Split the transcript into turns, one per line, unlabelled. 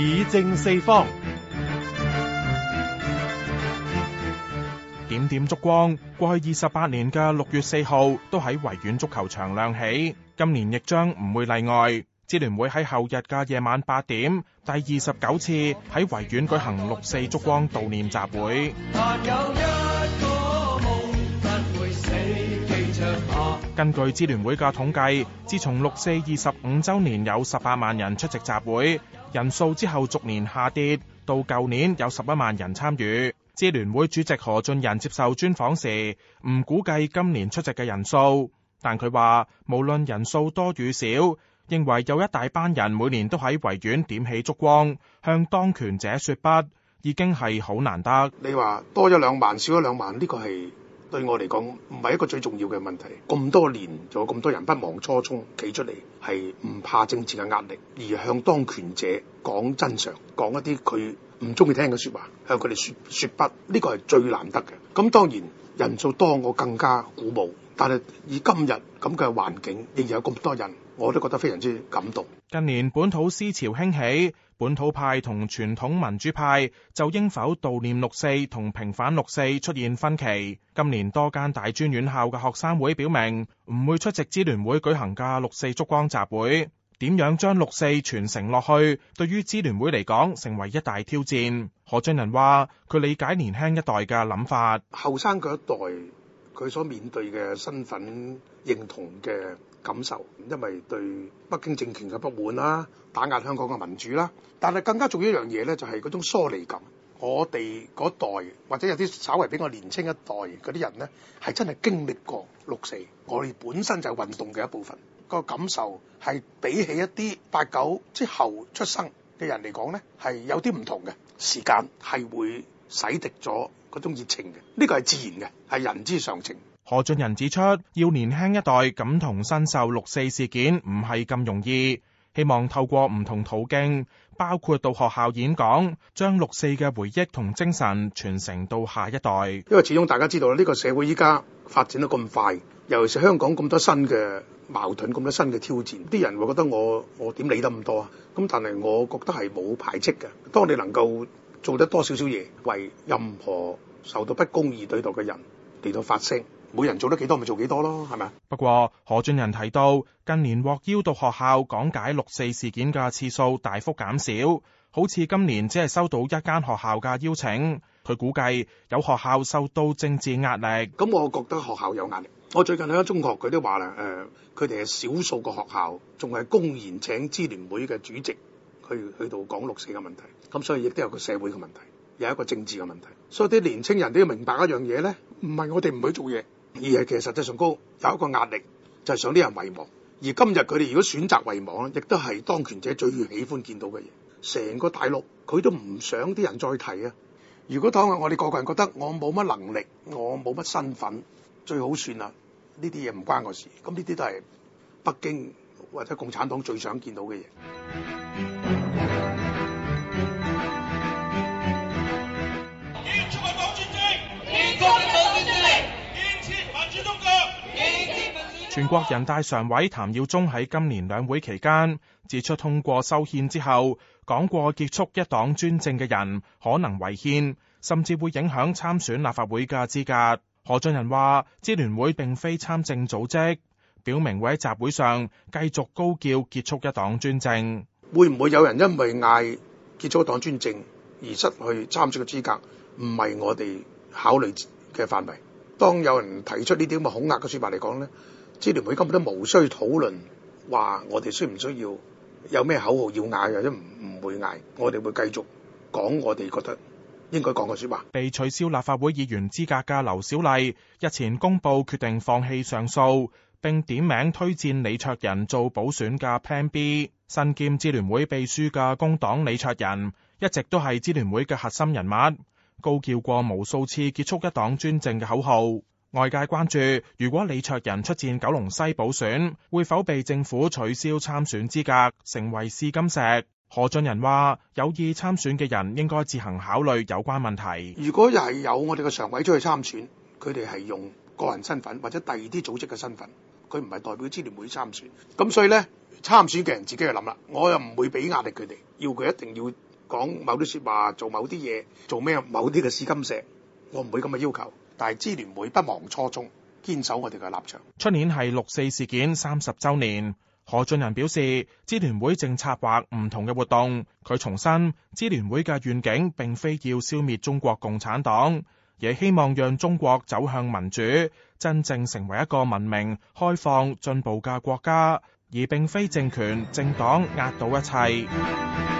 以正四方，點點燭光。過去二十八年嘅六月四號都喺維園足球場亮起，今年亦將唔會例外。支聯會喺後日嘅夜晚八點，第二十九次喺維園舉行六四燭光悼念集會。會根據支聯會嘅統計，自從六四二十五周年，有十八萬人出席集會。人數之後逐年下跌，到舊年有十一萬人參與。支聯會主席何俊仁接受專訪時，唔估計今年出席嘅人數，但佢話無論人數多與少，認為有一大班人每年都喺維園點起燭光，向當權者說不，已經係好難得。
你話多咗兩萬，少咗兩萬，呢、這個係。對我嚟講唔係一個最重要嘅問題。咁多年仲有咁多人不忘初衷，企出嚟係唔怕政治嘅壓力，而向當權者講真相，講一啲佢唔鍾意聽嘅説話，向佢哋説説不，呢個係最難得嘅。咁當然人數多，我更加鼓舞。但係以今日咁嘅環境，仍然有咁多人。我都覺得非常之感動。
近年本土思潮興起，本土派同傳統民主派就應否悼念六四同平反六四出現分歧。今年多間大專院校嘅學生會表明唔會出席支聯會舉行嘅六四燭光集會。點樣將六四傳承落去，對於支聯會嚟講成為一大挑戰。何俊仁話，佢理解年輕一代嘅諗法，後
生嗰一代。佢所面對嘅身份認同嘅感受，因為對北京政權嘅不滿啦，打壓香港嘅民主啦，但係更加重要一樣嘢呢，就係嗰種疏離感。我哋嗰代或者有啲稍微比我年青一代嗰啲人呢，係真係經歷過六四，我哋本身就係運動嘅一部分，個感受係比起一啲八九之後出生嘅人嚟講呢，係有啲唔同嘅時間係會，洗滌咗嗰種熱情嘅，呢個係自然嘅，係人之常情。
何俊仁指出，要年輕一代感同身受六四事件唔係咁容易，希望透過唔同途徑，包括到學校演講，將六四嘅回憶同精神傳承到下一代。
因為始終大家知道呢個社會依家發展得咁快，尤其是香港咁多新嘅矛盾，咁多新嘅挑戰，啲人會覺得我我點理得咁多啊？咁但係我覺得係冇排斥嘅，當你能夠。做得多少少嘢，為任何受到不公義對待嘅人嚟到發聲，每人做得幾多咪做幾多咯，係咪？
不過何俊仁提到，近年獲邀到學校講解六四事件嘅次數大幅減少，好似今年只係收到一間學校嘅邀請，佢估計有學校受到政治壓力。咁、嗯、
我覺得學校有壓力。我最近喺中學，佢都話啦，誒、呃，佢哋係少數個學校，仲係公然請支聯會嘅主席，去去到講六四嘅問題，咁所以亦都有個社會嘅問題，又有一個政治嘅問題。所以啲年青人都要明白一樣嘢咧，唔係我哋唔去做嘢，而係其實實際上高有一個壓力，就係、是、想啲人遺忘。而今日佢哋如果選擇遺忘咧，亦都係當權者最喜歡見到嘅嘢。成個大陸佢都唔想啲人再提啊！如果當我哋個個人覺得我冇乜能力，我冇乜身份，最好算啦，呢啲嘢唔關我事。咁呢啲都係北京或者共產黨最想見到嘅嘢。
全國人大常委譚耀宗喺今年兩會期間指出，通過修憲之後，講過「結束一黨專政」嘅人可能違憲，甚至會影響參選立法會嘅資格。何俊仁話，支聯會並非參政組織，表明會喺集會上繼續高叫結束一黨專政。
會唔會有人因為嗌「結束一黨專政」而失去參選嘅資格？唔係我哋考慮嘅範圍。當有人提出呢啲咁嘅恐嚇嘅說法嚟講呢。支聯會根本都無需討論，話我哋需唔需要有咩口號要嗌，或者唔唔會嗌，我哋會繼續講我哋覺得
應該講嘅説話。被取消立法會議員資格嘅劉小麗日前公布決定放棄上訴，並點名推薦李卓人做補選嘅 Pan B。身兼支聯會秘書嘅工黨李卓人一直都係支聯會嘅核心人物，高叫過無數次結束一黨專政嘅口號。外界關注，如果李卓人出戰九龍西補選，會否被政府取消參選資格，成為試金石？何俊仁話：有意參選嘅人應該自行考慮有關問題。
如果又係有我哋嘅常委出去參選，佢哋係用個人身份或者第二啲組織嘅身份，佢唔係代表支聯會參選。咁所以呢，參選嘅人自己去諗啦。我又唔會俾壓力佢哋，要佢一定要講某啲說話，做某啲嘢，做咩某啲嘅試金石，我唔會咁嘅要求。但係，支聯會不忘初衷，堅守我哋嘅立場。
出年係六四事件三十周年，何俊仁表示，支聯會正策劃唔同嘅活動。佢重申，支聯會嘅願景並非要消滅中國共產黨，亦希望讓中國走向民主，真正成為一個文明、開放、進步嘅國家，而並非政權、政黨壓倒一切。